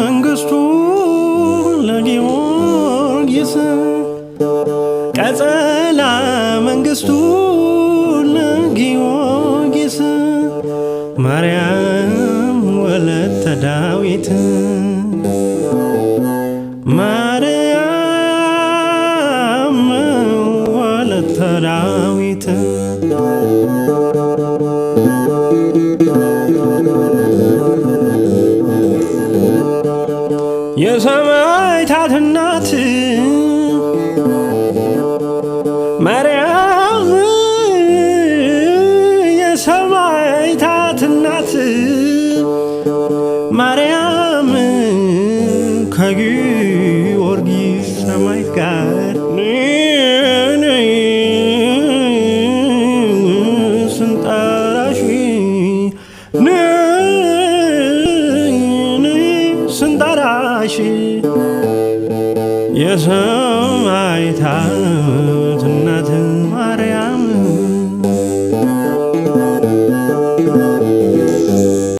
መንግስቱ ለጊዮርጊስ ቀጸላ መንግስቱ ለጊዮርጊስ ማርያም ወለተ ዳዊት ማርያም ወለተ ዳዊት የሰማዕታት እናት ማርያም የሰማዕታት እናት ማርያም ከጊዮርጊስ ሰማዕት ጋር ራሽ የሰማይታ